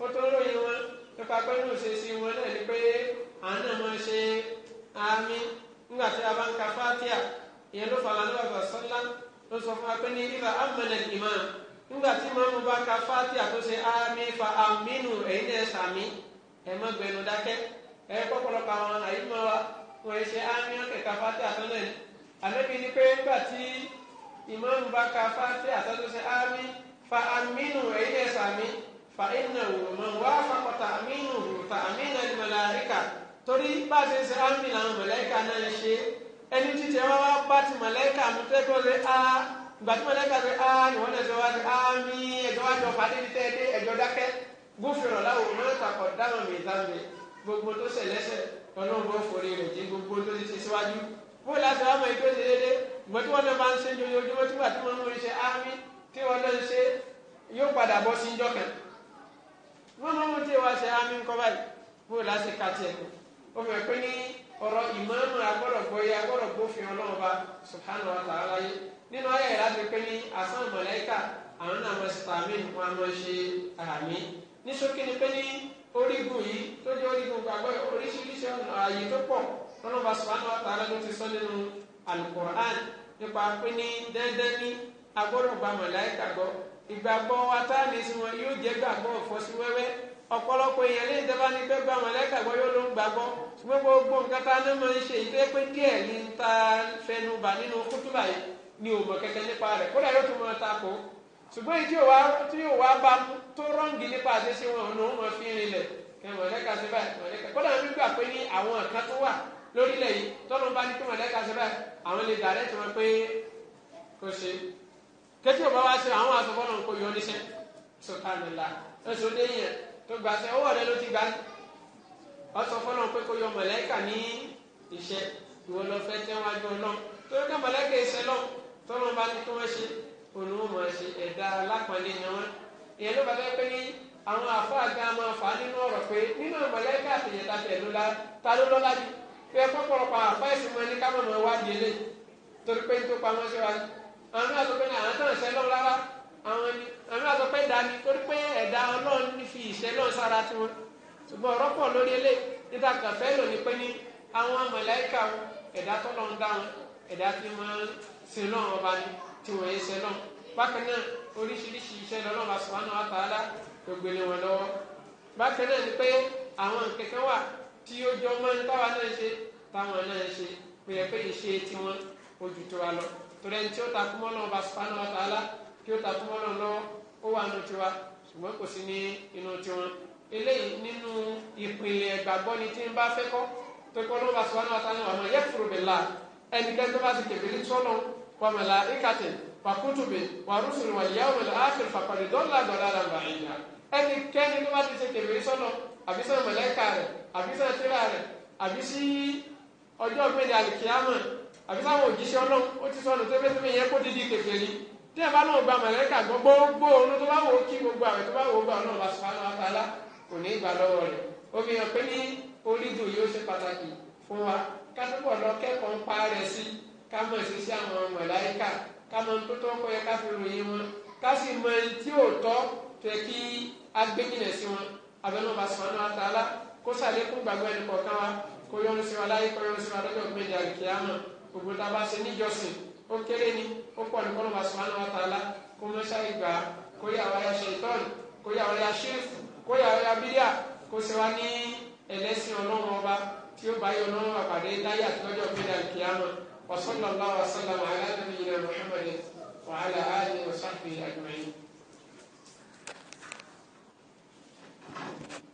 ó tó ròyìn wọn nípa pé ní òṣèṣì wọn náà ni pé àánà máa ṣe àmì nígbà tí a bá ń ka fátíà ìyẹn ló fà lánàá bàbá sallá ló sọ fún wa pé ní ibà amẹ́lẹ̀ ìmáà nígbà tí mọ́mú bá ka fáti àtúnṣe àmì fa àmínú ẹ̀yin náà sàmí ẹ̀ mọ́ gbẹnu dákẹ́ ẹ̀ pọ̀pọ̀lọpọ̀ àwọn àyímọ́ wa wọ́n ẹ̀ ṣe àmì ọ̀kẹ̀ka fáti àtúnṣe ní àlẹ́bí ni pé nígbà tí ìmọ̀mú bá ka fáti àtúnṣe àmì fa àmínú ẹ̀yin náà sàmí fa ìnà òmùmọ̀ wá fàkọ̀tà àmínú òmùtà àmínà ìmọ̀láríkà torí bá ṣe ṣe àmì làwọn mọ̀lẹ́kà náà ṣe ẹni títí ẹ bá ti mọ̀lẹ́kà mú tẹ́kọ̀ọ́ gbàtí mo lẹ́ka pé áá ni wọ́n lẹ́sẹ̀ wá sí ámì ẹ̀jọ́ wá jọ pàdé ní tẹ́lẹ̀ ẹ̀jọ́ dákẹ́ gófìrọ̀ láwùjọ mọ́ ìtàkọ̀ dáhùn mi ìtàmì gbogbo tó ṣẹ̀ lẹ́sẹ̀ ọlọ́run ó forí rẹ̀ jí gbogbo tó ti ṣe síwájú bó láti wá mọ ìgbé ṣe déédéé ìgbọ́n tí wọ́n náà máa ń ṣe ojoojúmọ́ tí wàá tí wọ́n mú ṣe ámì tí wọ́n náà ń ṣe yóò padà bọ́ sí njọ́ kan wọ́n máa mú tí wàá ṣe ámì ńkọ́ báyìí bó láti ka tiẹ̀ kù ó fẹ́ agbọ́dọ̀ gbọ́yé agbọ́dọ̀ gbófin ọlọ́run bá subhanahu wa ta'ala yìí nínú ayé ẹ̀rá ti pé ní asán mọ̀lẹ́kà àwọn náà máa ṣètò àmì wọn a máa ṣe àmì ní ṣókí ni pé ní orígun yìí tó jẹ́ orígun gbàgbọ́ oríṣiríṣi ọ̀nà ààyè tó pọ̀ lọ́nà bá subhanahu wa ta'ala ló ti sọ nínú alukur'an nípa pé ní dandan ní agbọ́dọ̀ gba mọ̀lẹ́kà gbọ́ ìgbàgbọ́ wa tá a lè sí wọn yóò jẹ́ gbàgbọ́ ìfọ́sí wẹ́wẹ́ ọ̀pọ̀lọpọ̀ èèyàn lè dẹ́ba ní pé gba mọ̀lẹ́kà gbọ́ yóò ló ń gbàgbọ́ gbogbo gbòǹkátà náà máa ń ṣe ìtẹ́pẹ́ díẹ̀ ní ta fẹnu nínú kútùbà yìí ní òmò kẹkẹ nípa rẹ̀ kódà yóò tún máa takò ṣùgbọ́n èyí tí yóò wá bá tó rọ́ǹgì nípa àṣeṣe wọn ọ̀nà òun máa fi rinlẹ̀ kẹ mọ̀lẹ́ka ṣe báyìí mọ̀lẹ́ka kódà wọn gbà pé ní àwọn kan tó wà lórílẹ̀ yìí tọ́lọ́ bá ní pé mọ̀lẹ́ka ṣe báyìí àwọn lè dàrẹ́ tí wọ́n pé kò ṣe kétí ò bá wá ṣe àwọn àṣọfọ́nà kò yọ níṣẹ́ sọ̀tàmìlà ẹ̀sùn déyìn tó gbàṣẹ owó rẹ ló ti gbà ọṣọfọ́nà pé kò yọ mọ̀lẹ́ka ní iṣẹ́ ìwọ lọ fẹ́ tẹ́wájú ọlọ́ torí ká mọ̀lẹ́ka ìṣẹ́ lọ́wọ́ tọ́lọ́ bá ní kí wọ́n ṣe olùwọ́mọ̀ ṣe ẹ̀dá alápọ̀nlé ni wọ́n ìyẹn ló bá dẹ́ pé ní àwọn àfáàgá máa fà á nínú ọ̀rọ̀ pé nínú mọ̀lẹ́kà àtẹ̀yẹ̀dá tẹ̀ ló la ta ló lọ́la jù pé pọ́pọ̀lọpọ̀ àfá ẹ̀sìn mọ́ ẹni ká mọ̀ mọ́ wá di ilé torí pé nítorí pamọ́ sí wa àwọn náà pé àwọn tó ṣe lọ́wọ́ rárá àwọn ni àwọn náà pé dání torí pé ẹ̀dá ọlọ́run fi ìṣẹ́ náà sára tiwọn ṣùgbọ́n ọ̀rọ̀ pọ̀ lórí ilé níta kàfẹ́ lò ní pé ní àwọn mọ̀lẹ́kà ẹ̀dá tọ́lọ́ sin lọ́run ọba ni tí wọ́n yé sẹ́lọ̀ bákan náà oríṣiríṣi iṣẹ́ lọ́lọ́run àṣùwánà àtàlà tó gbélé wọn lọ́wọ́ bákan náà ni pé àwọn kẹ̀kẹ́ wà tí ó jọ mọ́ ní táwa náà ṣe táwọn náà ṣe pé ẹ pé ìṣe tiwọn ojú tó wa lọ torí ẹni tí ó ta kúmọ́ lọ́wọ́ àṣùwánà àtàlà kí ó ta kúmọ́ lọ́wọ́ lọ́wọ́ ó wà nù tiwa ṣùgbọ́n kò sí ní inú tiwọn eléyìí nínú ìpìlẹ̀ ìgbàgbọ́ ni tí ń bá fẹ́ kọ́ tó kọ́ lọ́wọ́ àṣùwánà àtàlà ọ̀nà yẹ wàmàláìkàtì fàkútùbì wàrúsùlù wàlíyàwòlì àkìrì fàkọlì dọ́là dọ́là làǹbà ìyá ẹnikẹ́ni tó bá ti ṣe kèmí sọ́nà àbí sọ́nà màláíkà rẹ̀ àbí sọ́nà tírà rẹ̀ àbí sí ọjọ́ ìpínlẹ̀ àlìkíyàmọ̀ àbí sáwọn òjíṣẹ́ ọlọ́run ó ti sọnù tẹ́fẹ́tẹ́fẹ́ yẹn kó dídí kékeré tí ẹ bá lóun gba màláíkà gbọ́ gbogbo òun tó bá wò ó kí gbogbo àwẹ̀ tó bá wò ó gba ọlọ́run bá sùpá náà tálá kò ní ìgbà lọ́wọ́ rẹ̀ omi hàn pé ní orídùn yóò ṣe pàtàkì fún wa ká túbọ̀ lọ kẹ́kọ̀ọ́ ń pa rẹ̀ sí ká mọ̀ ṣíṣe àwọn màláíkà ká mọ̀ tó tọ́ kọ́ yẹ ká fi ròyìn wọn ká sì mọ̀ ẹni tí ò tọ́ tó yẹ kí á gbé jìnà sí wọn abẹ́nú bá sùn ánú àtàlà kó sàlékún gbàgbọ́ ẹni kọ̀ọ̀kan wa kó yọ́nú sí wa láyé kó yọ́nú sí wa lọ́jọ́ gbẹ̀dẹ̀ àlùkìyàmọ̀ gbogbo tá a bá ṣe níjọsìn ó kéré ni ó pọ̀ ní kọ́nà bá sùn ánú àtàlà kó mọ́ sáré gbà á kó yà wá ya ṣètọ́n kó yà wá ya ṣírìfù kó yà wá ya bíríà kó ṣe wá ní ẹlẹ́sìn ọlọ́run ọba tí ó bá yọ ọlọ́run àpàdé láyé àtijọ́jọ́ gbẹ̀dẹ̀ àlùkìyàmọ̀ وصلى الله وسلم على نبينا محمد وعلى آله وصحبه أجمعين